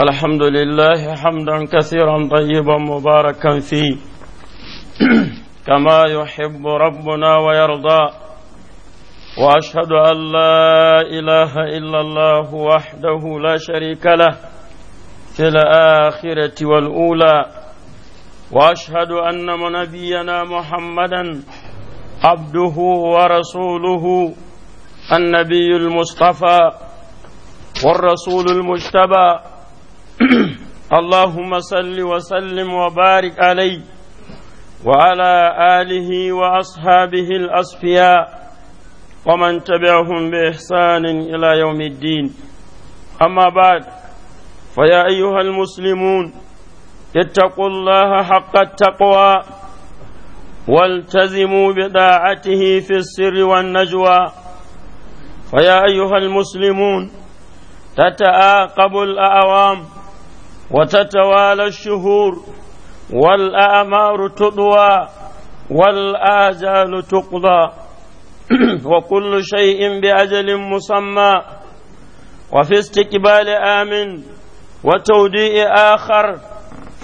الحمد لله حمدا كثيرا طيبا مباركا فيه كما يحب ربنا ويرضى واشهد ان لا اله الا الله وحده لا شريك له في الاخره والاولى واشهد ان نبينا محمدا عبده ورسوله النبي المصطفى والرسول المجتبى اللهم صل وسلم وبارك عليه وعلى آله وأصحابه الأصفياء ومن تبعهم بإحسان إلى يوم الدين أما بعد فيا أيها المسلمون اتقوا الله حق التقوى والتزموا بطاعته في السر والنجوى فيا أيها المسلمون تتعاقب الأعوام وتتوالى الشهور والأعمار تطوى والآجال تقضى وكل شيء بأجل مسمى وفي استقبال آمن وتوديء آخر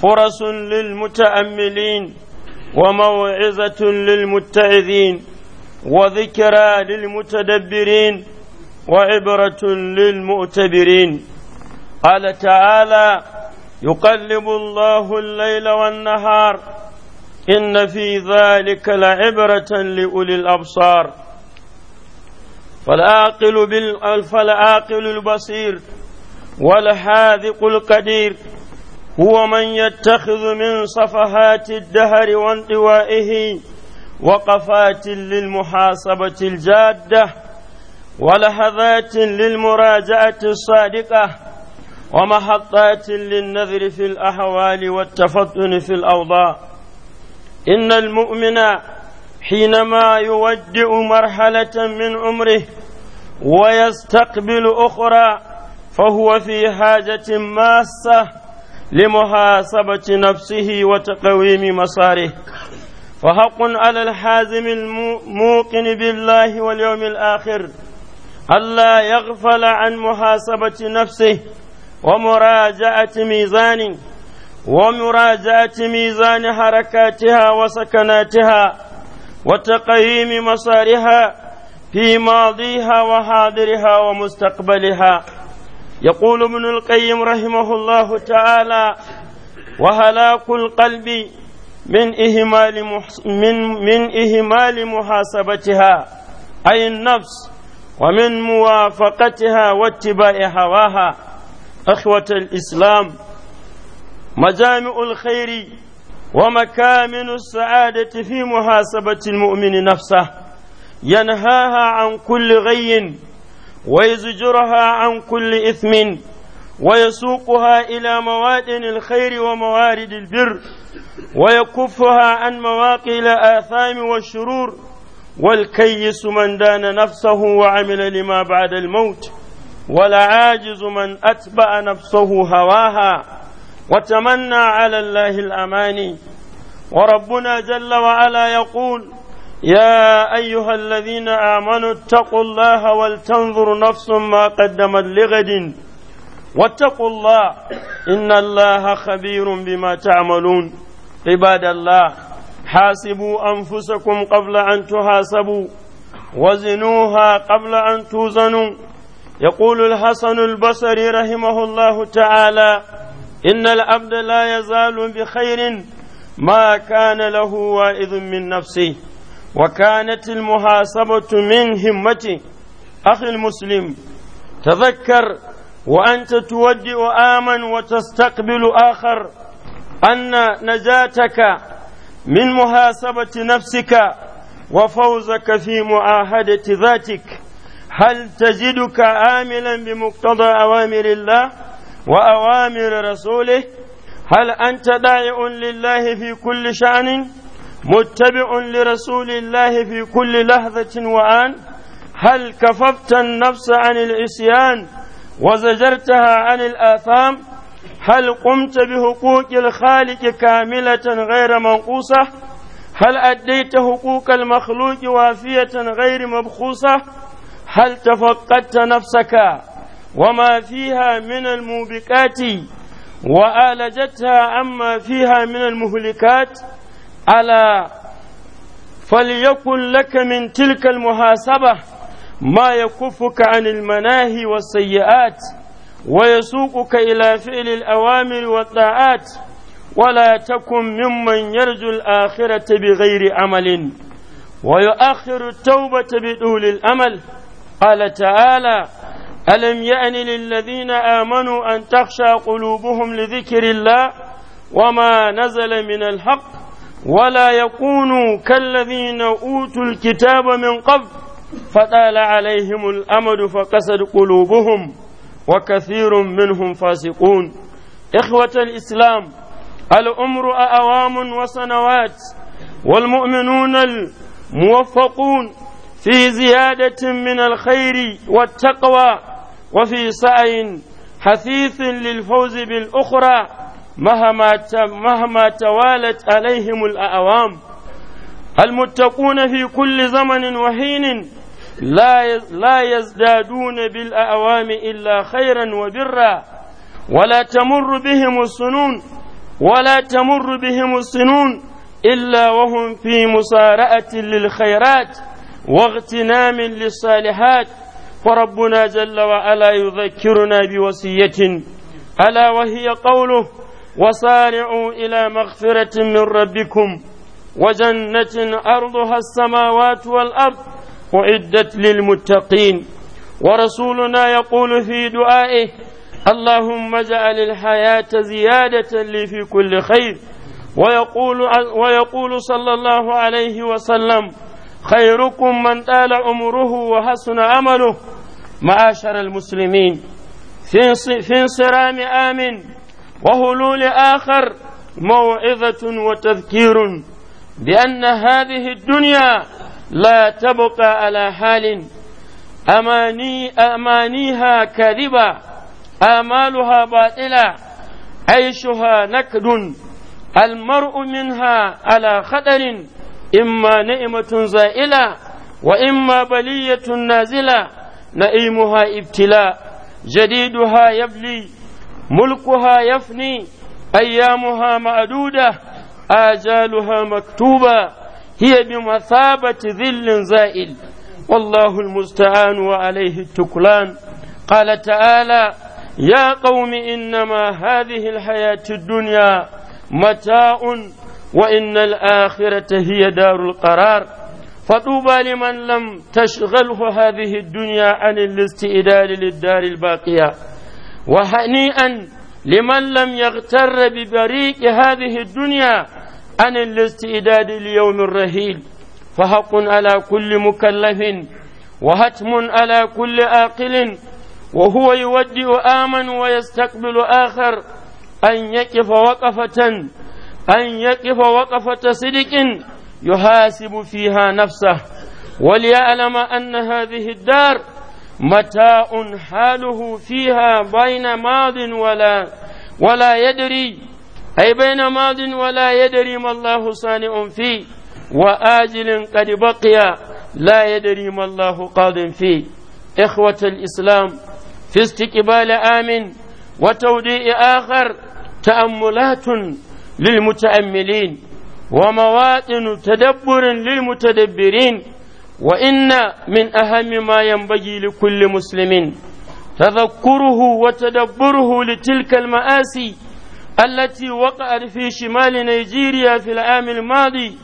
فرص للمتأملين وموعظة للمتعظين وذكرى للمتدبرين وعبرة للمؤتبرين قال تعالى يقلب الله الليل والنهار إن في ذلك لعبرة لأولي الأبصار فالعاقل, بال... فالعاقل البصير والحاذق القدير هو من يتخذ من صفحات الدهر وانطوائه وقفات للمحاسبة الجادة ولحظات للمراجعة الصادقة ومحطات للنذر في الأحوال والتفطن في الأوضاع إن المؤمن حينما يودع مرحلة من عمره ويستقبل أخرى فهو في حاجة ماسة لمحاسبة نفسه وتقويم مساره فحق على الحازم الموقن بالله واليوم الآخر ألا يغفل عن محاسبة نفسه ومراجعة ميزان ومراجعة ميزان حركاتها وسكناتها وتقييم مسارها في ماضيها وحاضرها ومستقبلها يقول ابن القيم رحمه الله تعالى وهلاك القلب من إهمال من من إهمال محاسبتها أي النفس ومن موافقتها واتباع هواها أخوة الإسلام مجامع الخير ومكامن السعادة في محاسبة المؤمن نفسه ينهاها عن كل غي ويزجرها عن كل إثم ويسوقها إلى موادن الخير وموارد البر ويكفها عن مواقع الآثام والشرور والكيس من دان نفسه وعمل لما بعد الموت والعاجز من أتبع نفسه هواها وتمنى على الله الأماني وربنا جل وعلا يقول يا أيها الذين آمنوا اتقوا الله ولتنظر نفس ما قدمت لغد واتقوا الله إن الله خبير بما تعملون عباد الله حاسبوا أنفسكم قبل أن تحاسبوا وزنوها قبل أن توزنوا يقول الحسن البصري رحمه الله تعالى إن العبد لا يزال بخير ما كان له وائذ من نفسه وكانت المحاسبة من همته أخي المسلم تذكر وأنت تودئ آمن وتستقبل آخر أن نجاتك من محاسبة نفسك وفوزك في معاهدة ذاتك هل تجدك عاملا بمقتضى أوامر الله وأوامر رسوله هل أنت داعي لله في كل شأن متبع لرسول الله في كل لحظة وآن هل كففت النفس عن العصيان وزجرتها عن الآثام هل قمت بحقوق الخالق كاملة غير منقوصة هل أديت حقوق المخلوق وافية غير مبخوصة هل تفقدت نفسك وما فيها من الموبقات وآلجتها عما فيها من المهلكات ألا فليكن لك من تلك المحاسبة ما يكفك عن المناهي والسيئات ويسوقك إلى فعل الأوامر والطاعات ولا تكن ممن يرجو الآخرة بغير عمل ويؤخر التوبة بطول الأمل قال تعالى ألم يأن للذين آمنوا أن تخشى قلوبهم لذكر الله وما نزل من الحق ولا يكونوا كالذين أوتوا الكتاب من قبل فطال عليهم الأمد فقسد قلوبهم وكثير منهم فاسقون إخوة الإسلام الأمر أوام وسنوات والمؤمنون الموفقون في زيادة من الخير والتقوى وفي سعي حثيث للفوز بالأخرى مهما مهما توالت عليهم الأعوام المتقون في كل زمن وحين لا يزدادون بالأعوام إلا خيرا وبرا ولا تمر بهم السنون ولا تمر بهم السنون إلا وهم في مصارعة للخيرات واغتنام للصالحات فربنا جل وعلا يذكرنا بوصية ألا وهي قوله وسارعوا إلى مغفرة من ربكم وجنة أرضها السماوات والأرض أعدت للمتقين ورسولنا يقول في دعائه اللهم اجعل الحياة زيادة لي في كل خير ويقول ويقول صلى الله عليه وسلم خيركم من طال عمره وحسن عمله معاشر المسلمين في انصرام آمن وهلول آخر موعظة وتذكير بأن هذه الدنيا لا تبقى على حال أماني أمانيها كذبة آمالها باطلة عيشها نكد المرء منها على خطر إما نعمة زائلة وإما بلية نازلة نئيمها ابتلاء جديدها يبلي ملكها يفني أيامها معدودة آجالها مكتوبة هي بمثابة ذل زائل والله المستعان وعليه التكلان قال تعالى يا قوم إنما هذه الحياة الدنيا متاع وإن الآخرة هي دار القرار فطوبى لمن لم تشغله هذه الدنيا عن الاستئدال للدار الباقية وهنيئا لمن لم يغتر ببريق هذه الدنيا عن الاستئداد ليوم الرهيل فحق على كل مكلف وهتم على كل عاقل وهو يودع آمن ويستقبل آخر أن يقف وقفة أن يقف وقفة صدق يحاسب فيها نفسه وليعلم أن هذه الدار متاع حاله فيها بين ماض ولا ولا يدري أي بين ماض ولا يدري ما الله صانع فيه وآجل قد بقي لا يدري ما الله قاض فيه إخوة الإسلام في استقبال آمن وتوديع آخر تأملات للمتأملين ومواطن تدبر للمتدبرين وإن من أهم ما ينبغي لكل مسلم تذكره وتدبره لتلك المآسي التي وقعت في شمال نيجيريا في العام الماضي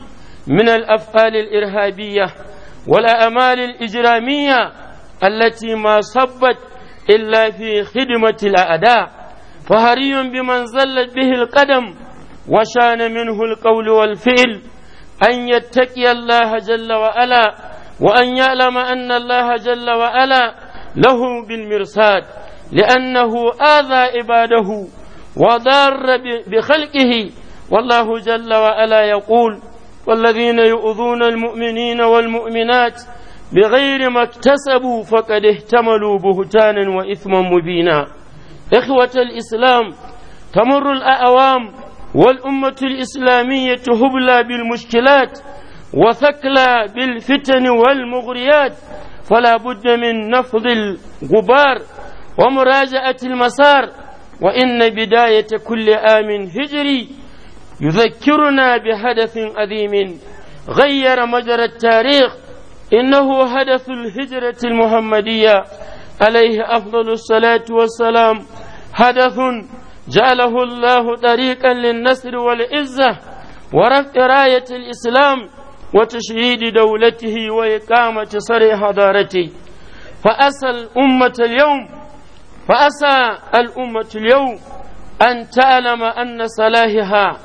من الأفعال الإرهابية والأعمال الإجرامية التي ما صبت إلا في خدمة الأعداء فهري بمن زلت به القدم وشان منه القول والفعل أن يتقي الله جل وعلا وأن يعلم أن الله جل وعلا له بالمرصاد لأنه آذى عباده وضار بخلقه والله جل وعلا يقول والذين يؤذون المؤمنين والمؤمنات بغير ما اكتسبوا فقد احتملوا بهتانا وإثما مبينا إخوة الإسلام تمر الأعوام والأمة الإسلامية هبلى بالمشكلات وثكلى بالفتن والمغريات فلا بد من نفض الغبار ومراجعة المسار وإن بداية كل عام هجري يذكرنا بحدث عظيم غير مجرى التاريخ إنه حدث الهجرة المحمدية عليه أفضل الصلاة والسلام حدث جعله الله طريقا للنصر والعزة ورفع راية الإسلام وتشييد دولته وإقامة صريح حضارته فأسى الأمة اليوم فأسى الأمة اليوم أن تعلم أن صلاحها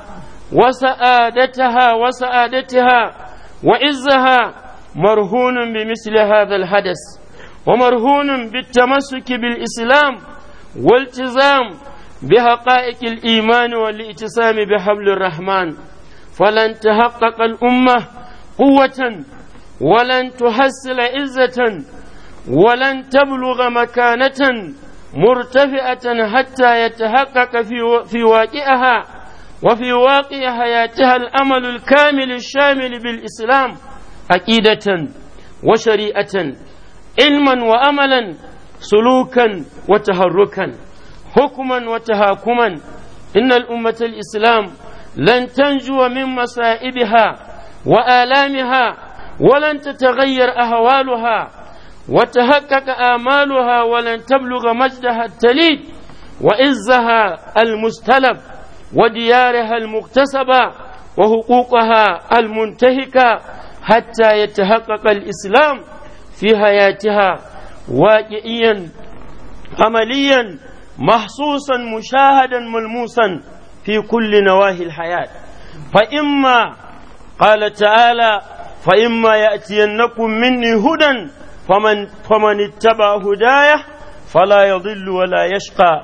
وسعادتها وسعادتها وعزها مرهون بمثل هذا الحدث ومرهون بالتمسك بالإسلام والتزام بحقائق الإيمان والاعتصام بحبل الرحمن فلن تحقق الأمة قوة ولن تحصل عزة ولن تبلغ مكانة مرتفعة حتى يتحقق في في واقعها وفي واقع حياتها الأمل الكامل الشامل بالإسلام عقيدة وشريعة علما وأملا سلوكا وتحركا حكما وتهاكما إن الأمة الإسلام لن تنجو من مصائبها وآلامها ولن تتغير أهوالها وتحقق آمالها ولن تبلغ مجدها التليد وعزها المستلب وديارها المكتسبة وحقوقها المنتهكة حتى يتحقق الإسلام في حياتها واقعيا عمليا محسوسا مشاهدا ملموسا في كل نواهي الحياة فإما قال تعالى فإما يأتينكم مني هدى فمن فمن اتبع هدايه فلا يضل ولا يشقى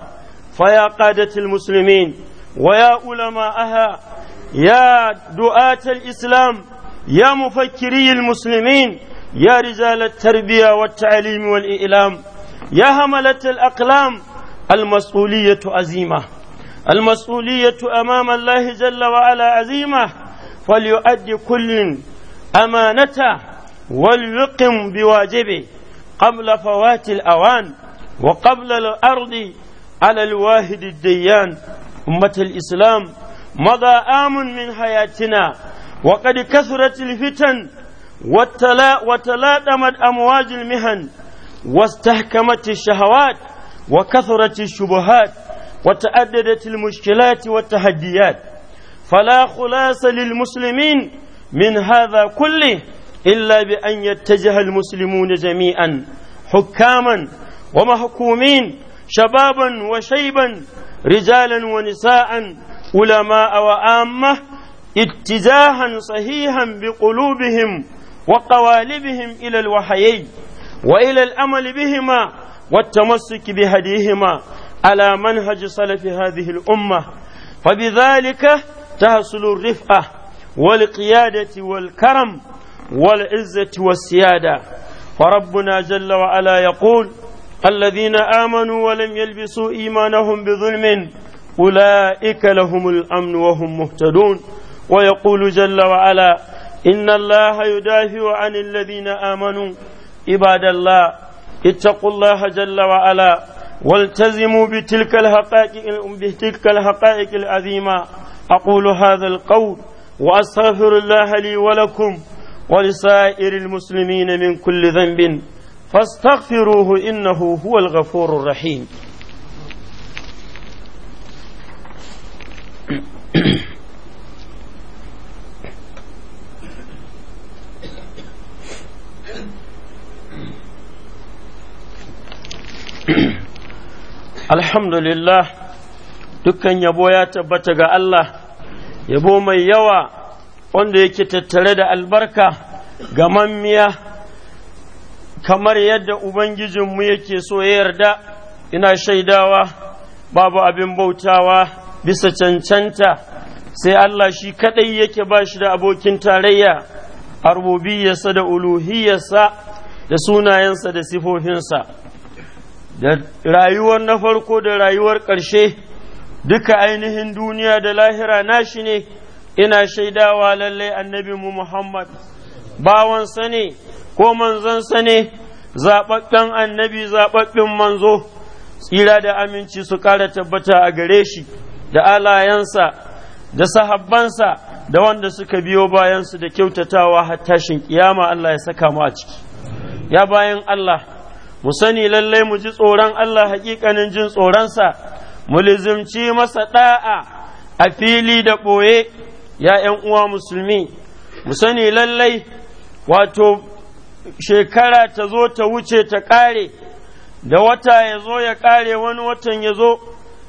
فيا قادة المسلمين ويا علماءها يا دعاة الإسلام يا مفكري المسلمين يا رجال التربية والتعليم والإعلام يا هملة الأقلام المسؤولية عزيمة المسؤولية أمام الله جل وعلا عزيمة فليؤدي كل أمانته وليقم بواجبه قبل فوات الأوان وقبل الأرض على الواهد الديان أمة الإسلام مضى آم من حياتنا وقد كثرت الفتن وتلا وتلاطمت أمواج المهن واستحكمت الشهوات وكثرت الشبهات وتعددت المشكلات والتحديات فلا خلاص للمسلمين من هذا كله إلا بأن يتجه المسلمون جميعا حكاما ومحكومين شبابا وشيبا رجالا ونساء علماء وآمة اتجاها صحيحا بقلوبهم وقوالبهم إلى الوحيين وإلى الأمل بهما والتمسك بهديهما على منهج سلف هذه الأمة فبذلك تحصل الرفقة والقيادة والكرم والعزة والسيادة وربنا جل وعلا يقول الذين آمنوا ولم يلبسوا إيمانهم بظلم أولئك لهم الأمن وهم مهتدون ويقول جل وعلا إن الله يدافع عن الذين آمنوا عباد الله اتقوا الله جل وعلا والتزموا بتلك الحقائق بتلك الحقائق العظيمة أقول هذا القول وأستغفر الله لي ولكم ولسائر المسلمين من كل ذنب فاستغفروه انه هو الغفور الرحيم الحمد لله دكان يبويا تبتغى الله يبو من يوى wanda yake tattare da albarka ga mammiya kamar yadda ubangijinmu yake so ya yarda ina shaidawa babu abin bautawa bisa cancanta sai Allah shi kaɗai yake ba shi da abokin tarayya a rububiyarsa da uluhiyarsa da sunayensa da sifofinsa da rayuwar na farko da rayuwar ƙarshe duka ainihin duniya da lahira nashi ne ina shaidawa lallai annabi mu Muhammad bawansa ne ko manzon ne zaɓaɓɓen annabi zaɓaɓɓen manzo tsira da aminci su ƙara tabbata a gare shi da alayensa da sahabbansa da wanda suka biyo bayansu da kyautatawa har tashin kiyama Allah ya saka mu a ciki ya bayan Allah mu sani lallai mu ji tsoron Allah hakikanin jin tsoronsa mu lizimci masa ɗa'a a fili da ɓoye ya ‘yan uwa musulmi, mu sani lallai wato shekara ta zo ta wuce ta ƙare, da wata ya zo ya ƙare wani watan ya zo,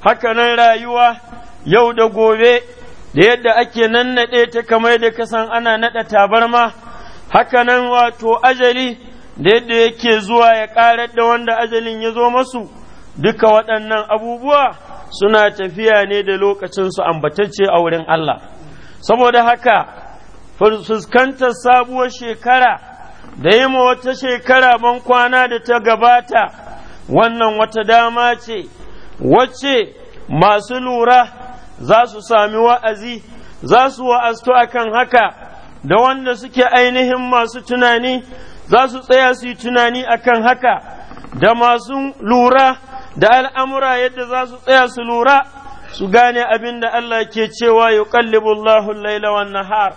hakanan rayuwa yau da gobe, da yadda ake nannaɗe ta kamar da kasan ana naɗa tabarma, hakanan wato ajali da yadda yake zuwa ya ƙarar da wanda ajalin ya zo masu, duka waɗannan abubuwa suna tafiya ne da lokacinsu ambatacce a wurin Allah. saboda haka fuskantar sabuwar shekara da yi ma wata shekara ban kwana da ta gabata wannan wata dama ce wacce masu lura za su sami wa'azi za su wa'astu akan haka da wanda suke ainihin masu tunani za su tsaya su yi tunani akan haka da masu lura da al'amura yadda za su tsaya su lura su gane abin da Allah ke cewa ya Allahu laila Lailawan nahar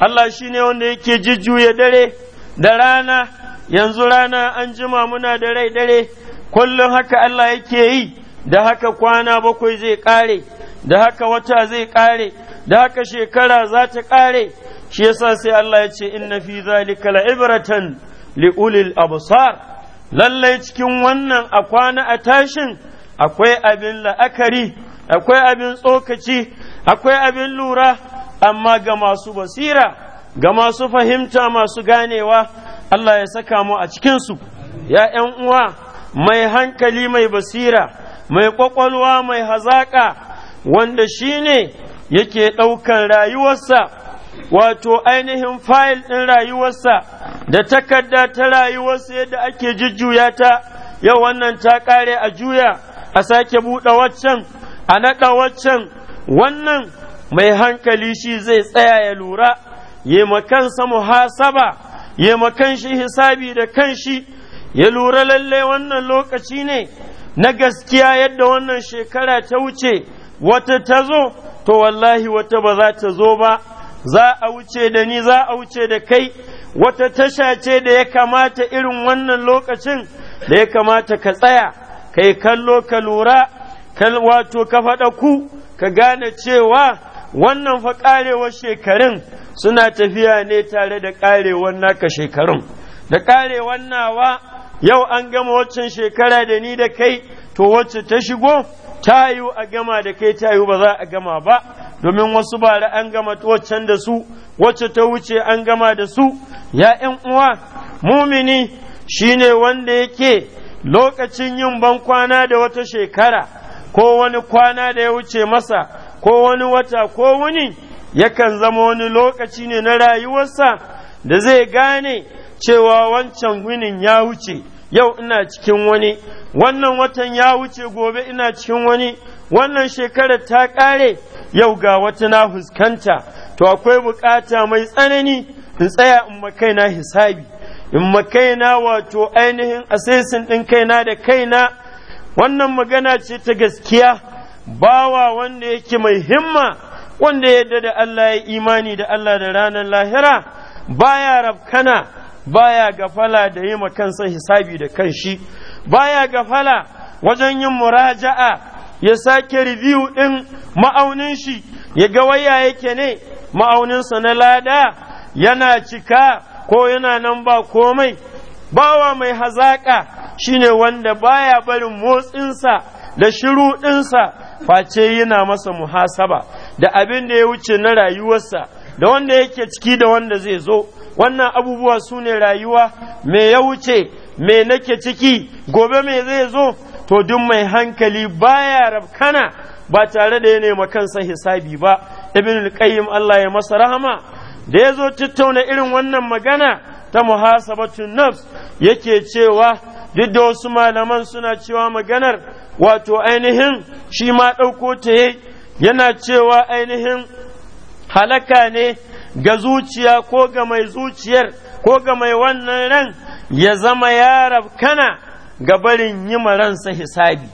Allah shi ne wanda yake jujjuya dare da rana yanzu rana an jima muna da rai dare kullum haka Allah yake yi da haka kwana bakwai zai ƙare da haka wata zai ƙare da haka shekara za ta ƙare shi yasa sai Allah ya ce inna fi zalika la'ibratan li ulil absar lallai cikin wannan a kwana a tashin akwai abin la'akari akwai abin tsokaci akwai abin lura amma ga masu basira ga masu fahimta masu ganewa Allah ya saka mu a cikinsu ya ‘yan uwa mai hankali mai basira mai ƙwaƙwalwa mai hazaƙa wanda shi ne yake ɗaukan rayuwarsa wato ainihin fayil ɗin rayuwarsa da takarda ta rayuwarsa yadda ake jujjuya ta yau wannan ta ƙare a juya a sake buɗe waccan a naɗa waccan wannan mai hankali shi zai tsaya ya lura ya makansa muhasaba ya makanshi hisabi da kanshi ya lura lalle wannan lokaci ne na gaskiya yadda wannan shekara ta wuce wata ta zo to wallahi wata ba za ta zo ba za a wuce da ni za a wuce da kai wata tasha ce da ya kamata irin wannan lokacin da ya kamata ka tsaya kai kallo ka lura wato ka faɗa ku ka gane cewa wannan fa ƙarewar shekarun suna tafiya ne tare da ƙarewar naka shekarun da ƙarewar nawa yau an gama waccan shekara da ni da kai to wacce ta shigo ta yiwu a gama da kai ta yiwu ba za a gama ba domin wasu bara an gama waccan da su wacce ta wuce an gama da su ya uwa mumini shine wanda yake lokacin yin bankwana da wata shekara ko wani kwana da ya wuce masa ko wani wata ko wuni yakan zama wani lokaci ne na rayuwarsa da zai gane cewa wancan winin ya wuce yau ina cikin wani wannan watan ya wuce gobe ina cikin wani wannan shekarar ta ƙare yau ga wata na fuskanta to akwai bukata mai tsanani in tsaya in na hisabi in na wato ainihin asesin ɗin kaina da kaina wannan magana ce ta gaskiya bawa wanda yake mai himma wanda yadda da Allah ya imani da Allah da ranar lahira baya rafkana baya gafala da yi kansa hisabi da kanshi baya gafala wajen yin muraja'a ya sake review ɗin ma'aunin shi ya ga waya yake ne ma'auninsa na lada yana cika ko yana nan ba komai bawa mai hazaƙa shine wanda baya barin motsinsa da shiru ɗinsa face yana masa muhasaba da abin da ya wuce na rayuwarsa da wanda yake ciki da wanda zai zo wannan abubuwa su ne rayuwa me ya wuce me nake ciki gobe me zai zo to duk mai hankali baya rabkana ba tare da ya nema kansa hisabi ba ibn qayyim Allah ya masa rahama da ya zo tattauna irin wannan magana ta muhasabatun nafs yake cewa duk da wasu malaman suna cewa maganar wato ainihin shi ma ɗauko ta yana cewa ainihin halaka ne ga zuciya ko ga mai zuciyar ko ga mai wannan ran ya zama ya rabkana ga barin yi ransa hisabi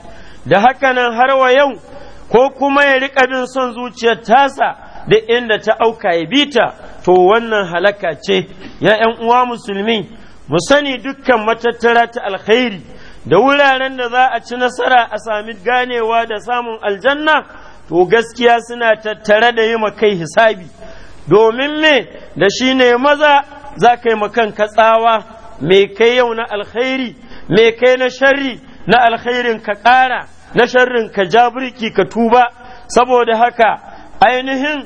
da hakanan har wa yau ko kuma ya riƙa bin son zuciyar tasa duk inda ta auka ya bita to wannan halaka ce ya ‘yan uwa musulmi mu sani dukkan matattara ta alkhairi da wuraren da za a ci nasara a sami ganewa da samun aljanna to gaskiya suna tattare da yi kai hisabi domin me da shi ne maza za ka yi makan katsawa me kai yau na alkhairi me kai na sharri na alkhairin ka ƙara na sharrin ka jabirki ka tuba saboda haka ainihin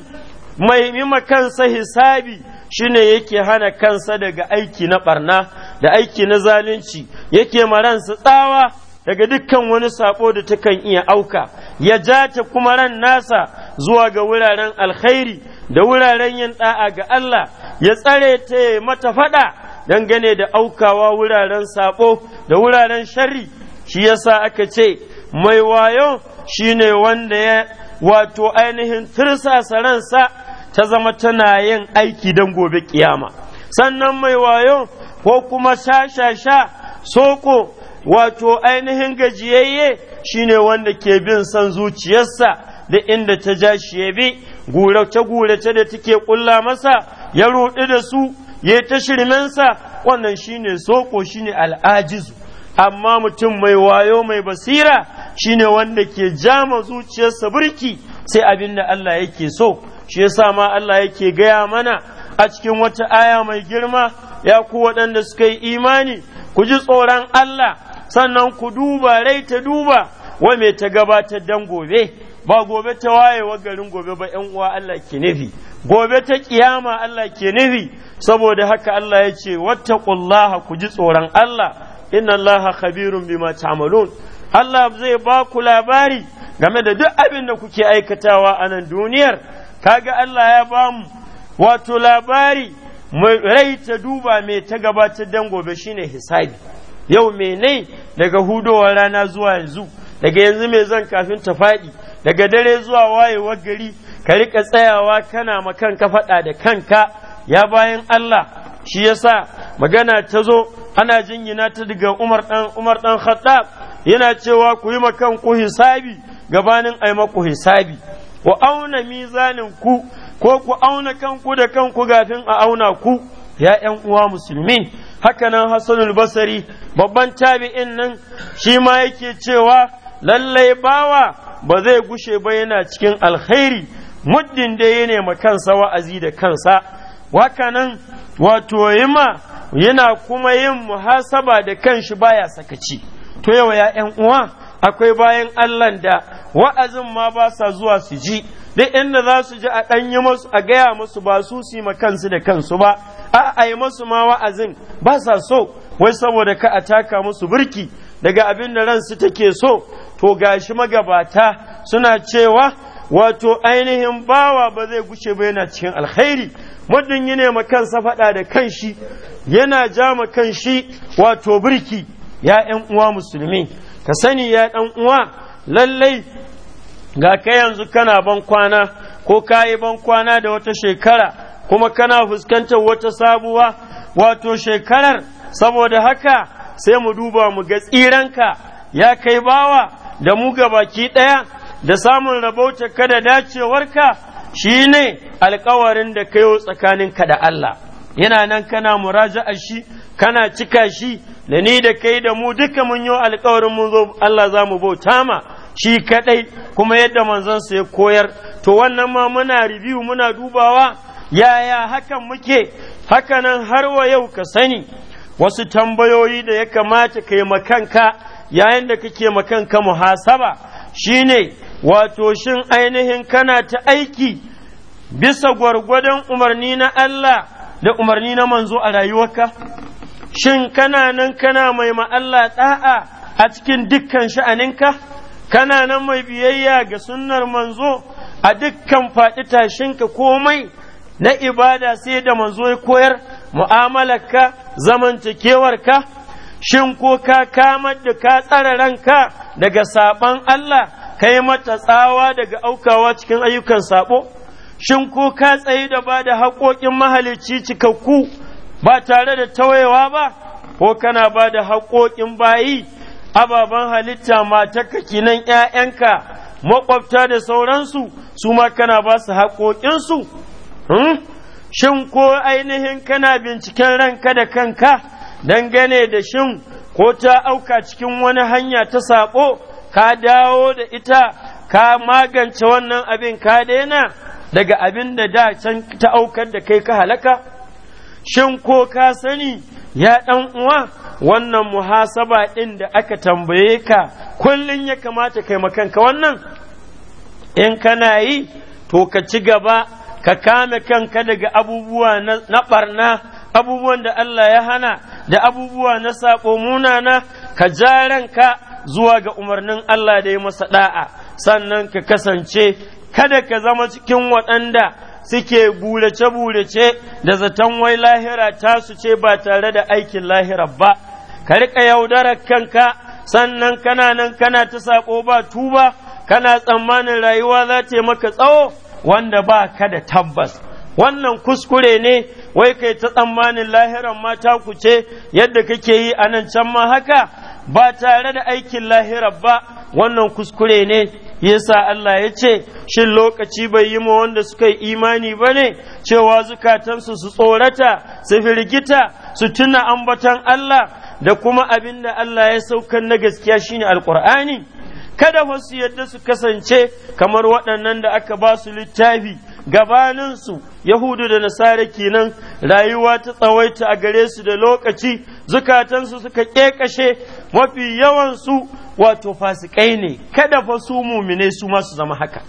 mai kansa hisabi shine yake hana kansa daga aiki na barna da aiki na zalunci yake maransa tsawa daga dukkan wani sabo da takan iya auka ya jata kuma ran nasa zuwa ga wuraren alkhairi da wuraren yin da'a ga Allah ya tsare ta mata fada dangane da aukawa wuraren sabo da wuraren sharri shi yasa aka ce mai wayo shine wanda ya wato ainihin tirsasa ransa ta zama tana yin aiki don gobe kiyama sannan mai wayo ko kuma sha-sha-sha soko wato ainihin gajiyayye shine wanda ke bin son zuciyarsa da inda ta ja shi ya bi gurace-gurace da take kulla masa ya ruɗu da su ya ta shirmensa wannan shine soko shine al'ajizu amma mutum mai wayo mai basira Shi ne wanda ke jama zuciyarsa birki sai abin da Allah yake so shi yasa ma Allah yake gaya mana a cikin wata aya mai girma ya ku waɗanda suka yi imani ku ji tsoron Allah sannan ku duba rai ta duba wa mai ta gabatar dan gobe ba gobe ta wayewa garin gobe ba 'yan'uwa uwa Allah ke nufi, gobe ta ƙiyama Allah ke nufi, saboda haka Allah ya ce, ƙullaha ku ji tsoron Allah, inna Allah khabirun bima ta'malun Allah zai ba ku labari game da duk abin da kuke aikatawa a nan duniyar kaga Allah ya ba mu wato labari mai rai ta duba mai ta gabatar dan gobe shine hisabi yau mene daga hudowar rana zuwa yanzu daga yanzu mai zan kafin ta faɗi daga dare zuwa wayewar gari ka riƙa tsayawa kana ma kanka faɗa da kanka ya bayan Allah shi yasa magana ta zo ana jingina ta daga Umar ɗan Umar ɗan Khattab yana cewa ku yi makan ku hisabi gabanin ai maku hisabi ku auna mizanin ku ko ku auna kanku da kanku gafin a auna ku ya ’yan uwa musulmi hakanan hassanul basari babban tabi'in nan shi ma yake cewa lallai bawa ba zai gushe ba yana cikin alkhairi muddin da ya nema kansa wa'azi da kansa wakanan wato yima yana kuma yin muhasaba da kanshi baya sakaci to yawa ya ‘yan uwa akwai bayan Allah da wa'azin ma ba sa zuwa su ji, duk inda za su ji a ɗanyi masu a gaya masu ba su si ma kansu da kansu ba, a a masu ma wa'azin ba sa so, wai saboda ka a taka musu birki daga abin da ransu take so, to gashi magabata suna cewa wato ainihin bawa ba zai gushe ba yana cikin alkhairi mudun yi ne kansa faɗa da kanshi yana ja ma kanshi wato birki ya ‘yan uwa musulmi ka sani ya ɗan uwa lallai ga ka yanzu kana ban kwana ko ka yi ban kwana da wata shekara kuma kana fuskantar wata sabuwa wato shekarar saboda haka sai mu duba mu ga tsiranka ya kai bawa da mu ga baki ɗaya da samun rabauta ka da dacewarka shi ne alkawarin da tsakanin tsakaninka da Allah yana nan kana muraja'a shi kana cika shi da ni da kai da mu duka mun yi alkawarin mun zo Allah za mu bauta ma shi kadai kuma yadda sa ya koyar to wannan ma muna review muna dubawa yaya hakan muke haka nan har wa yau ka sani wasu tambayoyi da ya kamata ka yi makanka yayin da kake makanka muhasaba shine wato shin ainihin kana ta aiki bisa gwargwadon umarni na Allah da umarni na manzo a rayuwarka shin kana nan kana mai Allah ɗa'a a cikin dukkan sha'aninka kana nan mai biyayya ga sunnar manzo a dukkan faɗi tashinka komai na ibada sai da manzo ya koyar mu'amalarka zamantakewarka shin ko ka kama da ka tsara ranka daga saɓan Allah kai mata tsawa daga aukawa cikin ayyukan saɓo shin ko ka tsaye da bada da haƙoƙin mahalicci cikakku ba tare da tawayewa ba ko kana ba da haƙoƙin bayi ababen halitta matarka kinan ‘ya'yanka maƙwabta da sauransu su ma kana ba su haƙoƙinsu hmm? shin ko ainihin kana binciken ranka da kanka dangane da shin ko ta auka cikin wani hanya ta saƙo ka dawo da ita ka magance wannan abin ka daina daga abin da da can ta aukar da kai ka halaka shin ko ka sani ya ɗan uwa wannan muhasaba ɗin da aka tambaye ka kullum ya kamata kai makanka wannan in kana yi to ka ci gaba ka kame kanka daga abubuwa na ɓarna abubuwan da Allah ya hana da abubuwa na saƙo munana ka ja ka zuwa ga umarnin Allah da ya masa da'a sannan ka kasance kada ka zama cikin waɗanda suke burace-burace da zaton wai lahira ta su ce ba tare da aikin lahira ba, ka riƙa yaudarar kanka sannan kana nan kana ta saƙo ba tuba, kana tsammanin rayuwa za ta maka tsawo wanda ba ka da tabbas. Wannan kuskure ne wai kai ta tsammanin lahiran mata ku ce yadda kake yi a nan can ma haka ba tare da aikin lahira ba wannan kuskure ne yasa Allah ya ce shin lokaci bai yi ma wanda suka yi imani ba ne cewa zukatansu su tsorata su firgita su tuna ambatan Allah da kuma abin da Allah ya saukan na gaskiya shine alkur'ani kada wasu yadda su kasance kamar waɗannan da aka ba su littafi gabaninsu Yahudu da Nasara kenan rayuwa ta tsawaita a gare su da lokaci zukatansu suka ƙeƙashe mafi yawansu wato fasikai ne kada fa su mumine su masu zama haka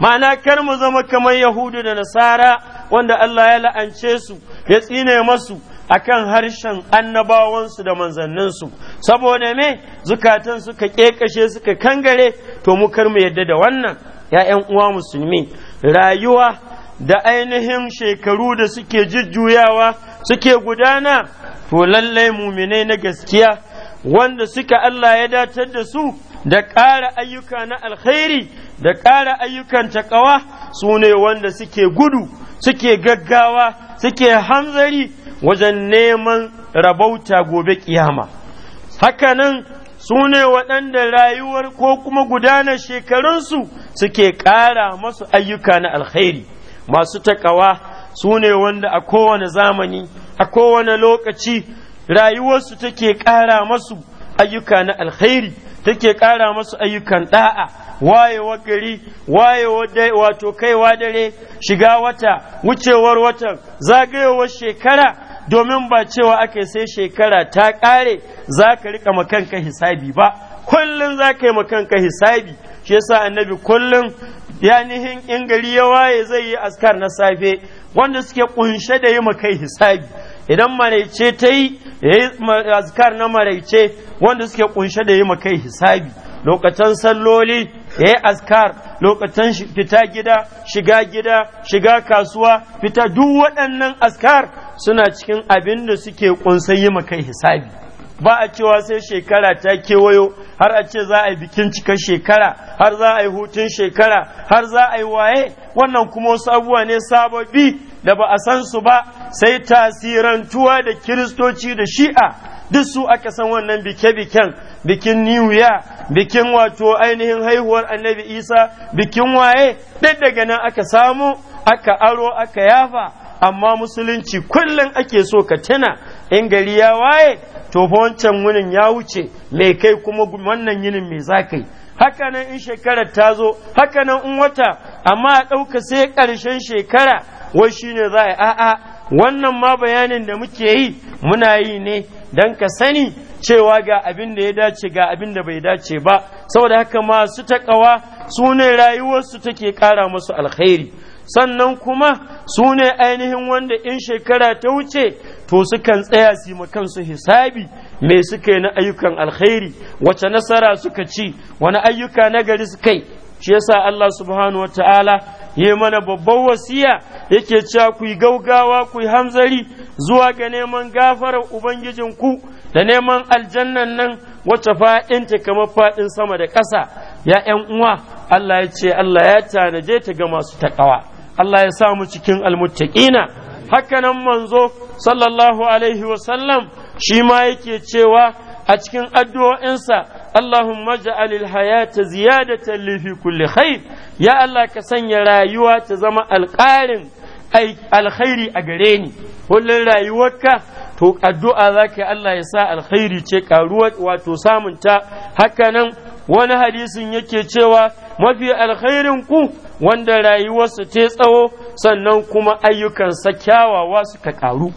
ma'ana kar mu zama kamar yahudu da nasara wanda Allah ya la'ance su ya tsine masu akan harshen annabawansu da manzanninsu saboda me zukatan suka kekashe suka kangare to mu kar mu yadda da wannan ya'yan uwa musulmi rayuwa da ainihin shekaru da suke jujjuyawa suke gudana to lallai muminai na gaskiya wanda suka Allah ya datar da su da ƙara ayyuka na alkhairi da ƙara ayyukan taƙawa su ne wanda suke gudu suke gaggawa suke hanzari wajen neman rabauta gobe kiyama hakanan su ne waɗanda rayuwar ko kuma gudanar shekarunsu suke ƙara masu ayyuka na alkhairi masu taƙawa su ne wanda a kowane zamani a kowane lokaci rayuwarsu take ƙara masu ayyuka na alkhairi take ƙara masu ayyukan ɗa'a wayewa gari wayewa wato kaiwa dare shiga wata wucewar watan zagayowar shekara domin ba cewa aka sai shekara ta ƙare za ka riƙa makanka hisabi ba kullum za ka yi makanka hisabi shi yasa annabi kullum nihin in gari ya waye zai yi askar na safe wanda suke ƙunshe da yi makai hisabi idan maraice ta yi ya yi azkar na maraice wanda suke kunshe da yi kai hisabi lokacin salloli ya yi azkar lokacin fita gida shiga gida shiga kasuwa fita duk waɗannan azkar suna cikin abin da suke kunsa yi kai hisabi ba a cewa sai shekara ta kewayo har a ce za a yi bikin cikar shekara har za a yi hutun shekara har za a yi waye wannan kuma wasu abubuwa ne sababi da ba a san su ba sai tasirantuwa da kiristoci da shi'a duk su aka san wannan bike-biken bikin new year bikin wato ainihin haihuwar annabi isa bikin waye duk daga nan aka samu aka aro aka yafa amma musulunci kullum ake so ka tuna in gari ya waye to fa wancan ya wuce mai kai kuma wannan yinin mai zakai haka nan in shekarar ta zo hakanan in wata amma a ɗauka sai ƙarshen shekara wai shine za a a'a wannan ma bayanin da muke yi muna yi ne don ka sani cewa ga abin da ya dace ga abin da bai dace ba saboda haka masu taƙawa su ne rayuwarsu take ƙara masu alkhairi sannan kuma su ne ainihin wanda in shekara ta wuce to sukan tsaya su ma kansu hisabi mai suka yi na ayyukan alkhairi wace nasara suka ci wani ayyuka na gari suka yi shi yasa Allah subhanahu wa ta'ala yi mana babban wasiya yake cewa ku yi gaugawa ku yi hanzari zuwa ga neman gafarar ubangijinku da neman aljannan nan wacce ta kamar fa'in sama da ƙasa ya ‘yan uwa Allah ya ce Allah ya tanaje ta ga masu taƙawa Allah ya sa mu cikin almuttaqina hakanan manzo sallallahu alaihi wasallam shi ma yake cewa a cikin addu'o'insa Allahumma ja'alil hayata ziyadatan li fi kulli khair ya Allah ka sanya rayuwa ta zama alƙarin alkhairi a gare ni kullun rayuwarka to addu'a zaka Allah ya sa alkhairi ce karuwa wato samunta hakanan wani hadisin yake cewa mafi alkhairin ku wanda rayuwarsa ce tsawo sannan kuma ayyukansa kyawawa suka ƙaru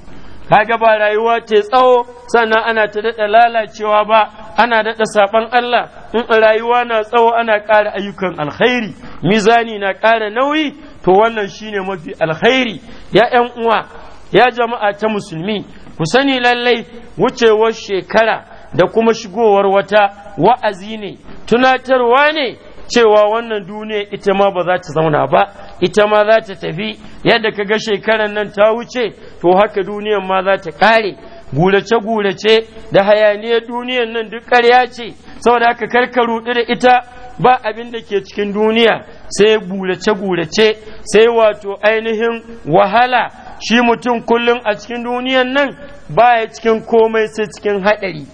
kaga ba rayuwa ce tsawo sannan ana ta daɗa lalacewa ba ana daɗa saɓan Allah in rayuwa na tsawo ana ƙara ayyukan alkhairi mizani na ƙara nauyi to wannan shine mafi alkhairi ya ƴan uwa ya jama'a ta musulmi ku sani lallai wucewar shekara da kuma shigowar wata wa'azi ne tunatarwa ne cewa wannan duniya ita ma ba za ta zauna ba ita ma za ta tafi yadda ka ga shekaran nan ta wuce to haka duniyan ma za ta ƙare gurace-gurace da hayaniyar duniyan nan duk ƙarya ce saboda haka karkaru ruɗu da ita ba abin da ke cikin duniya sai gurace-gurace sai wato ainihin wahala shi mutum kullum a cikin duniyan nan Ba ya cikin komai sai cikin haɗari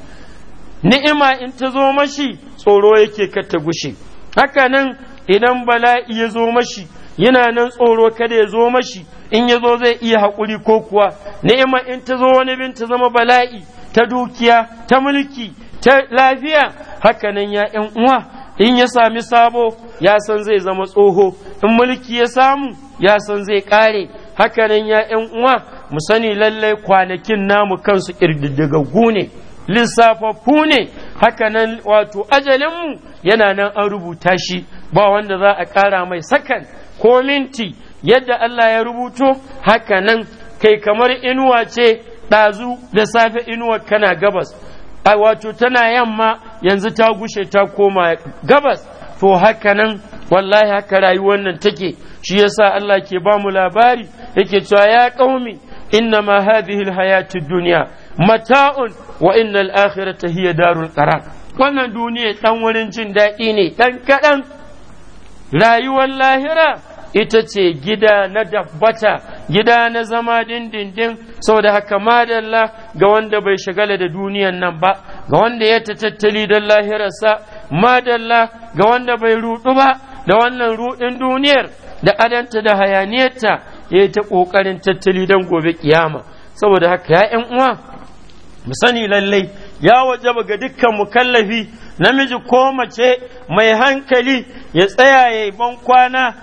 ni'ima in ta zo mashi tsoro yake kar ta gushe haka nan idan bala'i ya zo mashi yana nan tsoro kada ya zo mashi in ya zo zai iya haƙuri ko kuwa ni'ima in ta zo wani bin ta zama bala'i ta dukiya ta mulki ta lafiya haka nan ya ‘yan uwa in ya sami sabo ya san zai zama tsoho in mulki ya samu ya san zai ƙare haka nan ya ‘yan uwa mu sani lallai kwanakin namu kansu ƙirɗiɗɗigaggu ne lissafaffu ne hakanan wato ajalinmu yana nan an rubuta shi ba wanda za a ƙara mai sakan ko minti yadda Allah ya rubuto hakanan kai kamar inuwa ce ɗazu da safe inuwar kana gabas a wato tana yamma yanzu ta gushe ta koma gabas to hakanan wallahi haka rayuwar nan take shi yasa Allah ke ba mu labari yake cewa ya ƙaumi ma hadhihi alhayatu dunya mata'un wa innal akhirata hiya darul qarar wannan duniya dan wurin jin daɗi ne dan kaɗan rayuwar lahira ita ce gida na dabbata gida na zama dindindin saboda haka madalla ga wanda bai shagala da duniyan nan ba ga wanda ya ta tattali don lahirarsa madalla ga wanda bai rudu ba da wannan rudin duniyar da adanta da hayaniyarta ya ta ƙoƙarin tattali don gobe kiyama saboda haka ya uwa mu sani lallai ya wajaba ga dukkan mukallafi namiji ko mace mai hankali ya tsaya ya ban kwana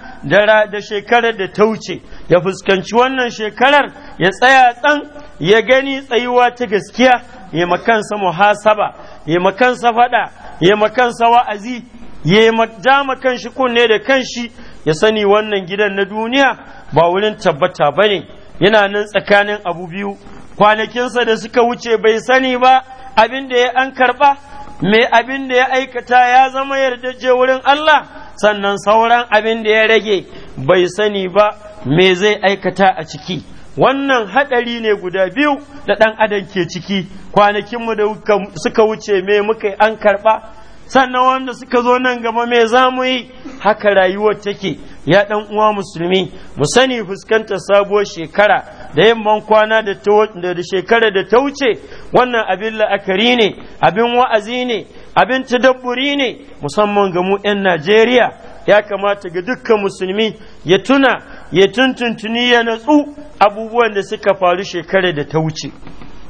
da shekarar da ta wuce ya fuskanci wannan shekarar ya tsaya tsan ya gani tsayuwa ta gaskiya ya makansa muhasaba ya makansa fada ya makansa wa'azi ya ja makan shi kunne da kanshi ya sani wannan gidan na duniya ba wurin tabbata ba ne yana nan tsakanin abu biyu kwanakinsa da suka wuce bai sani ba abin da ya an karɓa mai abin da ya aikata ya zama yarda je wurin Allah sannan sauran abin da ya rage bai sani ba me zai aikata a ciki wannan haɗari ne guda biyu da ɗan adam ke ciki kwanakinmu da suka wuce me muka an karɓa sannan wanda suka zo nan gaba me za mu yi haka rayuwar take ya ɗan uwa musulmi mu sani fuskantar sabuwar shekara da yamman kwana da shekara da ta wuce wannan abin la'akari ne abin wa'azi ne abin tadabburi ne musamman ga mu 'yan najeriya ya kamata ga dukkan musulmi ya tuna ya tuntuntuni ya natsu abubuwan da suka faru shekara da ta wuce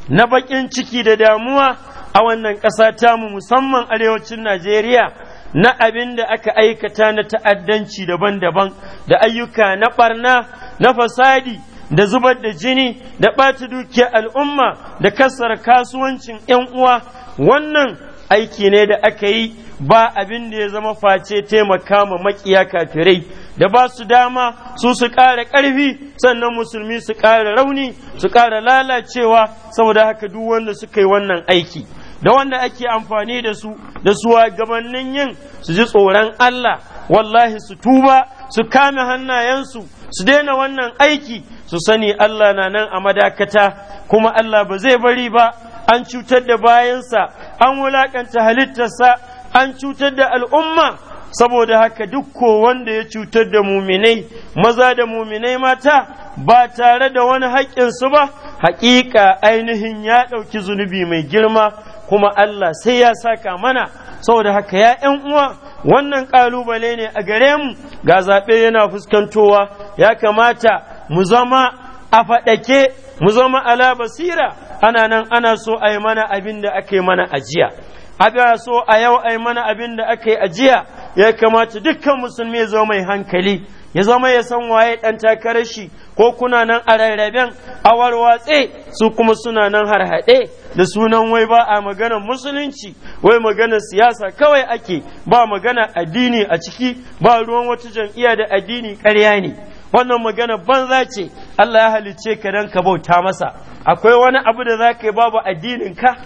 na bakin ciki da damuwa a wannan ƙasa tamu musamman arewacin najeriya na abin da aka aikata na ta'addanci daban-daban da ayyuka na ɓarna na fasadi da zubar da jini da ɓata dukiya al'umma da kassara kasuwancin 'yan uwa wannan aiki ne da aka yi ba abin da ya zama face taimaka ma makiya kafirai da ba su dama su su ƙara ƙarfi sannan musulmi su ƙara rauni su ƙara lalacewa saboda haka duk wanda suka yi wannan aiki da wanda ake amfani da su da suwa gabanin yin su ji tsoron Allah wallahi su tuba su kame hannayensu su daina wannan aiki su sani Allah na nan a madakata kuma Allah ba zai bari ba an cutar da bayansa an wulakanta halittarsa an cutar da al'umma saboda haka duk ko wanda ya cutar da muminai maza da muminai mata ba tare da wani haƙƙinsu ba haƙiƙa ainihin ya ɗauki zunubi mai girma kuma Allah sai ya saka mana saboda haka ya ‘yan uwa wannan ƙalubale ne a gare mu ga zaɓe yana fuskantowa ya kamata mu zama a faɗake mu zama ala basira ana nan ana so a yi mana abin da aka yi mana ajiya abin so a yau a yi mana abin da aka yi ajiya ya kamata dukkan musulmi ya zo mai hankali ya zama ya san waye ɗan takarar shi ko kuna nan a rarraben a warwatse su kuma suna nan harhaɗe da sunan wai ba a maganar musulunci wai maganar siyasa kawai ake ba magana addini a ciki ba ruwan wata jam'iyya da addini ƙarya ne wannan magana banza ce Allah ya halice ka dan ka bauta masa akwai wani abu da za ka yi babu addinin ka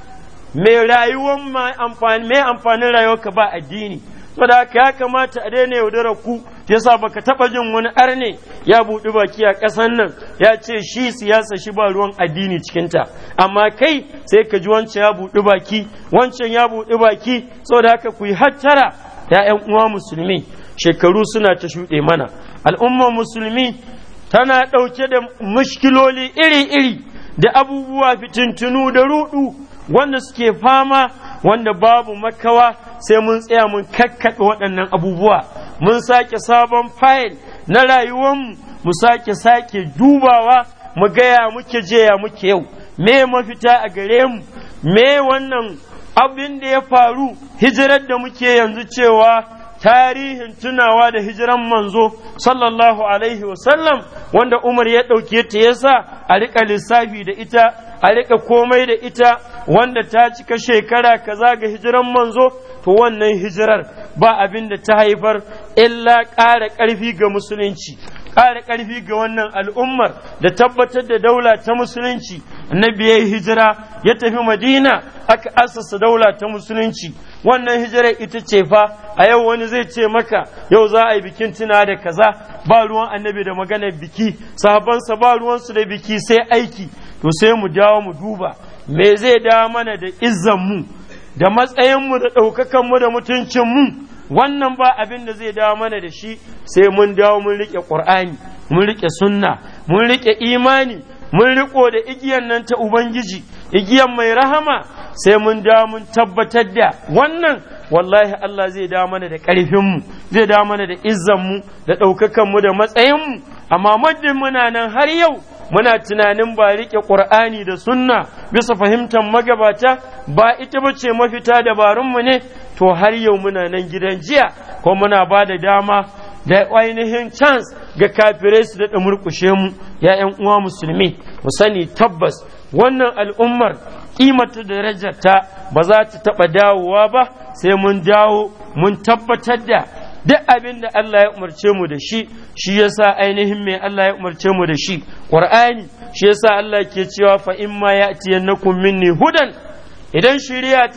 mai rayuwar mai amfanin ka ba addini saboda haka ya kamata a daina yaudarar ku yasa baka taba jin wani arne ya buɗi baki a ƙasar nan ya ce shi siyasa shi ba ruwan addini cikinta amma kai sai ka ji wancan ya buɗi baki wancan ya buɗi baki saboda haka ku yi hattara 'ya'yan uwa musulmi shekaru suna ta shuɗe mana al'ummar musulmi tana ɗauke da mushkiloli iri-iri da abubuwa fitintunu da rudu wanda suke fama wanda babu makawa sai mun tsaya mun kakkaɓe waɗannan abubuwa mun sake sabon fayil na rayuwarmu mu sake sake dubawa mu gaya muke jeya muke yau me mafita a gare mu me wannan abin da ya faru hijirar da muke yanzu cewa tarihin tunawa da hijiran manzo sallallahu alaihi wasallam wanda Umar ya ɗauke ta yasa a riƙa lissafi da ita a riƙa komai da ita wanda ta cika shekara kaza ga hijiran manzo to wannan hijirar ba abin da ta haifar illa ƙara ƙarfi ga musulunci ƙara ƙarfi ga wannan al'ummar da tabbatar da daula ta musulunci annabi ya yi hijira ya tafi madina aka asasa daula ta musulunci wannan hijirar ita ce fa a yau wani zai ce maka yau za a yi bikin tuna da kaza ba ruwan annabi da maganar biki sahabansa ba ruwansu da biki sai aiki to sai mu dawo mu duba me zai dawo mana da izzan mu da mu, da ɗaukakanmu da mutuncinmu wannan ba abin da zai dawo mana da shi sai mun dawo mun riƙe ƙur'ani mun riƙe sunna mun riƙe imani mun riko da igiyan nan ta ubangiji igiyan mai rahama sai mun da mun tabbatar da wannan wallahi Allah zai da mana da mu zai da mana da izzan mu da mu da matsayin mu amma muddin muna nan har yau muna tunanin ba riƙe ƙur'ani da sunna bisa fahimtar magabata ba ita ba ce mafita mu ne to har yau muna nan gidan jiya ko muna ba da dama da ainihin chance ga kafirai su daɗa murkushe mu ya ‘yan uwa musulmi mu sani tabbas wannan al'ummar ƙimata da darajarta ba za ta taɓa dawowa ba sai mun dawo mun tabbatar da duk abin da Allah ya umarce mu da shi shi yasa ainihin mai Allah ya umarce mu da shi ƙur'ani shi yasa Allah ke cewa fa in ma ya'tiyannakum minni hudan idan shiriya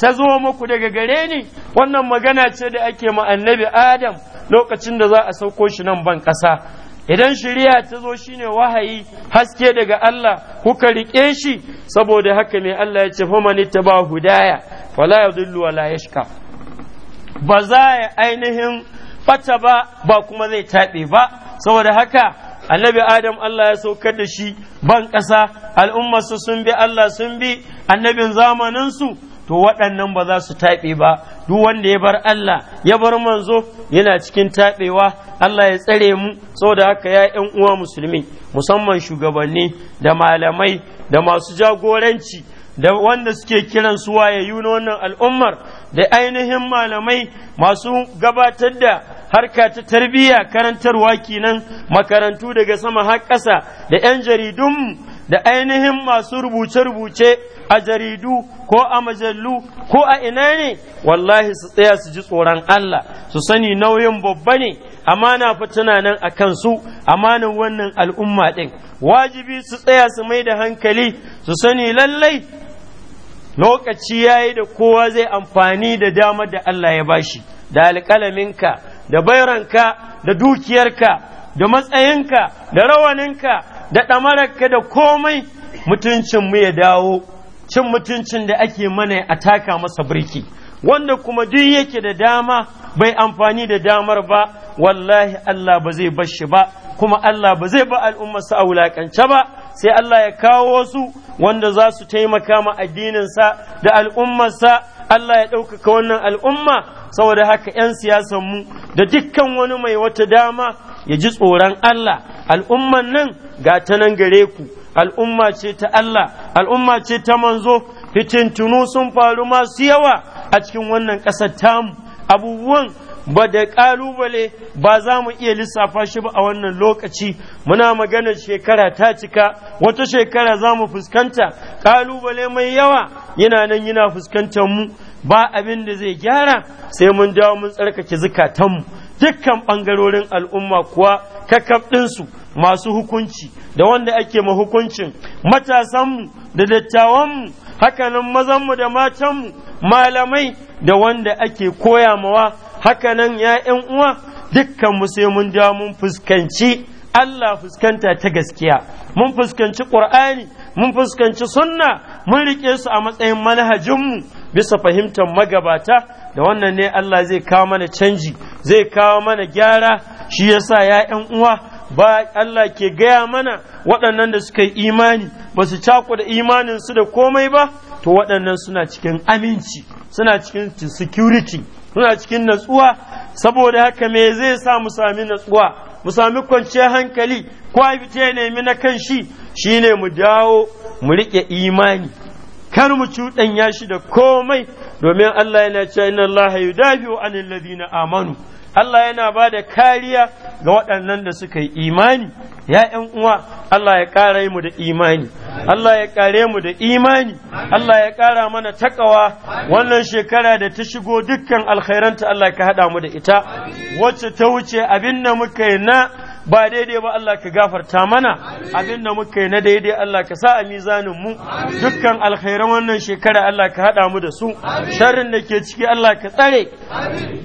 ta zo muku daga gare ni wannan magana ce da ake ma annabi adam lokacin da za a sauko shi nan ban ƙasa idan shiriya ta zo shi ne wahayi haske daga Allah kuka riƙe shi saboda haka ne Allah ya ce famani ta ba hudaya ya zullu wala shika ba za ya ainihin fata ba ba kuma zai taɓe ba saboda haka annabi adam Allah ya saukar da shi ban ƙasa su sun bi Allah sun bi annabin zamaninsu to waɗannan ba za su taɓe ba duk wanda ya bar Allah ya bar manzo yana cikin taɓewa Allah ya tsare mu saboda haka ya ‘yan uwa musulmi musamman shugabanni da malamai da masu jagoranci da wanda suke kiran su wayayyu na wannan al'ummar da ainihin malamai masu gabatar da harka ta tarbiyya karantarwa kenan makarantu daga sama har ƙasa da 'yan jaridun da ainihin masu rubuce-rubuce a jaridu ko a majallu ko a ina ne wallahi su tsaya su ji tsoron Allah su sani nauyin babba ne amana fa tana nan a kansu amanan wannan al'umma ɗin wajibi su tsaya su mai da hankali su sani lallai lokaci yayi da kowa zai amfani da damar da Allah ya bashi da alƙalaminka da bairanka da dukiyarka da matsayinka da rawaninka da ɗamararka da komai Mutuncin mu ya dawo cin mutuncin da ake mana a taka masa birki wanda kuma duk yake da dama bai amfani da damar ba wallahi Allah ba zai bashi ba kuma Allah ba zai ba al'ummarsa a wulakance ba sai Allah ya kawo wasu wanda za su taimaka ma addininsa da al'ummarsa Allah ya ɗaukaka wannan al'umma saboda haka ‘yan siyasanmu da dukkan wani mai wata dama ya ji tsoron Allah al'umman nan ga ta nan gare ku al'umma ce ta Allah al'umma ce ta manzo fitintunu sun faru masu yawa a cikin wannan ƙasar tamu abubuwan ba da ƙalubale ba za mu iya lissafa shi ba a wannan lokaci muna magana shekara ta cika wata shekara za mu fuskanta ƙalubale mai yawa yana nan yana fuskantar mu ba abin da zai gyara sai mun dawo mun tsarkake zukatanmu dukkan ɓangarorin al'umma kuwa kakaf ɗinsu masu hukunci da wanda ake ma hukuncin matasanmu da dattawanmu hakanan mazanmu da matanmu malamai da wanda ake koya mawa haka nan ya uwa dukkan mu sai mun ja mun fuskanci Allah fuskanta ta gaskiya mun fuskanci ƙur'ani mun fuskanci sunna mun riƙe su a matsayin manhajinmu bisa fahimtar magabata da wannan ne Allah zai kawo mana canji zai kawo mana gyara shi yasa ya'yan uwa ba Allah ke gaya mana waɗannan da suka yi imani ba su imanin imaninsu da komai ba to waɗannan suna cikin aminci suna cikin security suna cikin natsuwa saboda haka me zai sa mu sami natsuwa mu sami kwanciyar hankali ko fice nemi na kan shi shine mu dawo mu riƙe imani kar mu cuɗanya shi da komai domin Allah yana cewa inna Allah wa anil ladina amanu Allah yana ba da kariya ga waɗannan da suka yi imani Ya'yan uwa Allah ya ƙara mu da imani Allah ya ƙare mu da imani Allah ya ƙara mana takawa wannan shekara da ta shigo dukkan alkhairanta Allah ka haɗa mu da ita wacce ta wuce abin da muka yi na ba daidai ba Allah ka gafarta mana abin da muka yi na daidai Allah ka sa a mizanin mu dukkan alkhairan wannan shekara Allah ka haɗa mu da su sharrin da ke ciki Allah ka tsare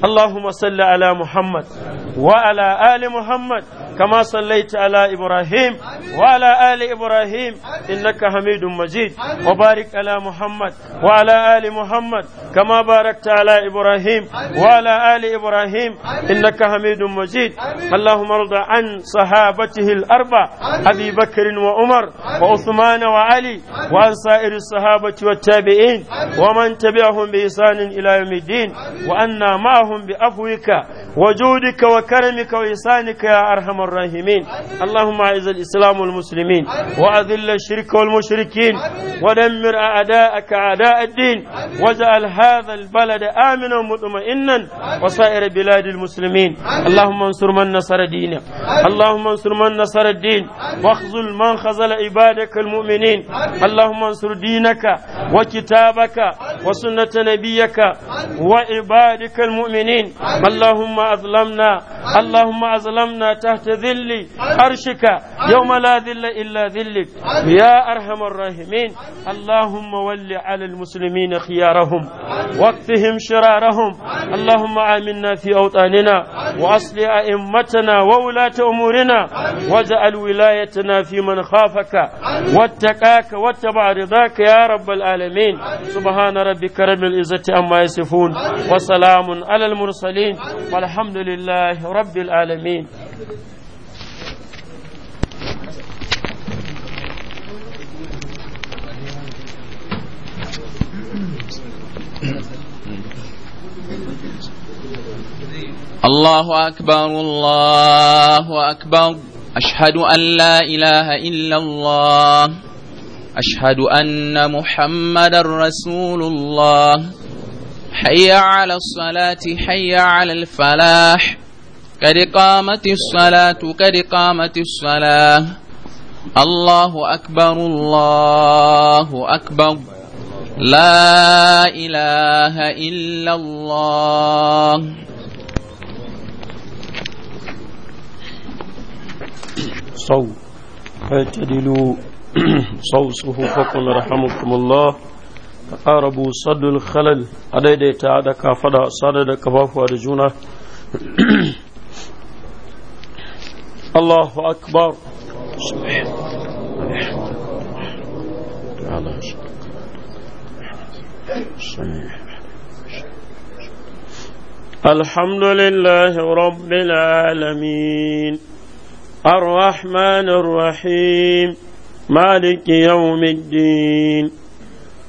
اللهم صل على محمد وعلى آل محمد كما صليت على إبراهيم وعلى آل إبراهيم إنك حميد مجيد وبارك على محمد وعلى آل محمد كما باركت على إبراهيم وعلى آل إبراهيم إنك حميد مجيد اللهم ارض عن صحابته الأربع أبي بكر وعمر وعثمان وعلي وعن سائر الصحابة والتابعين ومن تبعهم بإحسان إلى يوم الدين وأن عنا معهم بعفوك وجودك وكرمك وإحسانك يا أرحم الراحمين اللهم أعز الإسلام والمسلمين وأذل الشرك والمشركين ودمر أعداءك أعداء الدين واجعل هذا البلد آمنا مطمئنا وسائر بلاد المسلمين اللهم انصر من نصر دينك اللهم انصر من نصر الدين واخذل من خذل عبادك المؤمنين اللهم انصر دينك وكتابك وسنة نبيك وعبادك عبادك المؤمنين اللهم أظلمنا اللهم أظلمنا تحت ذل عرشك يوم لا ذل إلا ذلك يا أرحم الراحمين اللهم ول على المسلمين خيارهم واكفهم شرارهم اللهم آمنا في أوطاننا وأصل أئمتنا وولاة أمورنا واجعل ولايتنا في من خافك واتقاك واتبع رضاك يا رب العالمين سبحان ربك رب العزة عما يصفون وسلام وسلام على المرسلين والحمد لله رب العالمين الله أكبر الله أكبر أشهد أن لا إله إلا الله أشهد أن محمد رسول الله حي على الصلاة حي على الفلاح قد قامت الصلاة قد قامت الصلاة الله أكبر الله أكبر لا إله إلا الله صو فاعتدلوا صو صفوفكم رحمكم الله taqarabu saddul khalal a daidaita da kafada sada da kafafuwa da juna Allahu akbar الحمد لله رب العالمين الرحمن الرحيم مالك يوم الدين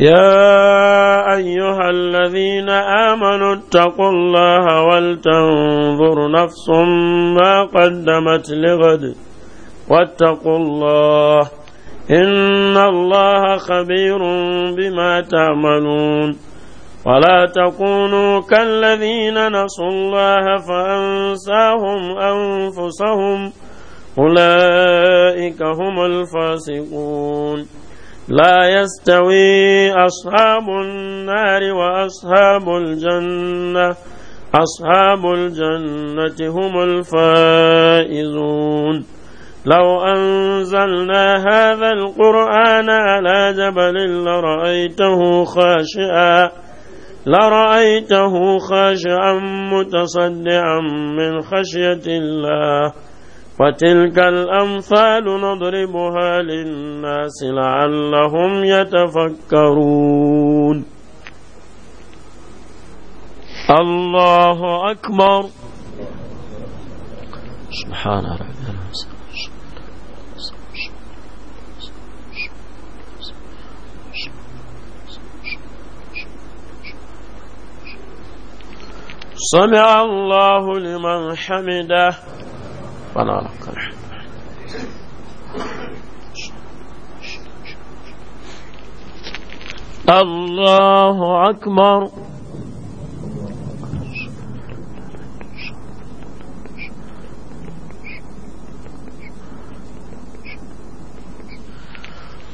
يا أيها الذين آمنوا اتقوا الله ولتنظر نفس ما قدمت لغد واتقوا الله إن الله خبير بما تعملون ولا تكونوا كالذين نسوا الله فأنساهم أنفسهم أولئك هم الفاسقون لا يستوي أصحاب النار وأصحاب الجنة أصحاب الجنة هم الفائزون لو أنزلنا هذا القرآن على جبل لرأيته خاشعا لرأيته خاشعا متصدعا من خشية الله وتلك الأمثال نضربها للناس لعلهم يتفكرون الله أكبر سبحان ربنا سمع الله لمن حمده ربنا ولك الحمد الله أكبر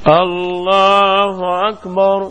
الله أكبر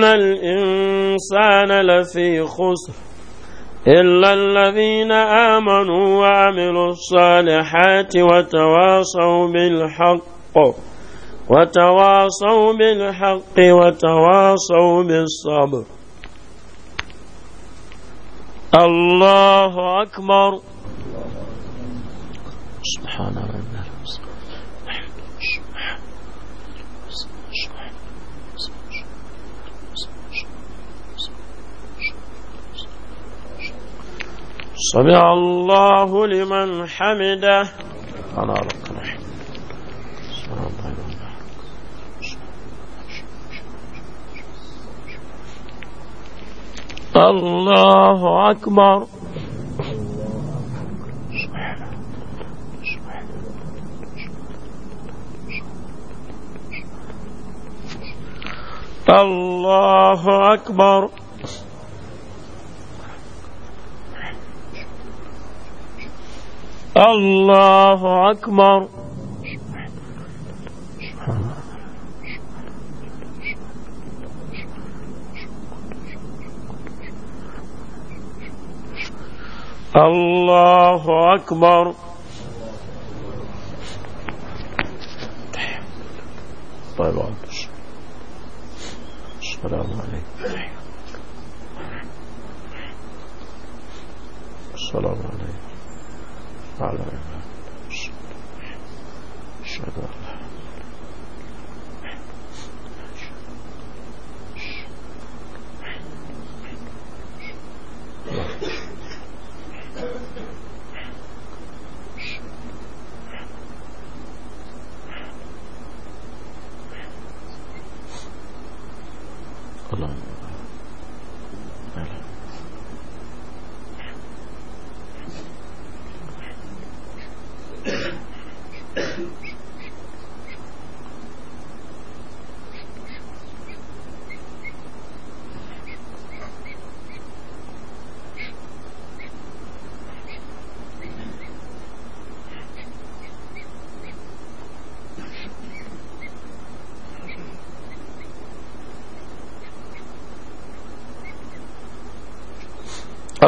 إن الإنسان لفي خسر إلا الذين آمنوا وعملوا الصالحات وتواصوا بالحق وتواصوا بالحق وتواصوا بالصبر الله أكبر سبحان الله سمع الله لمن حمده أنا ربنا الله أكبر الله أكبر الله أكبر الله أكبر طيب السلام عليكم السلام عليكم 咋了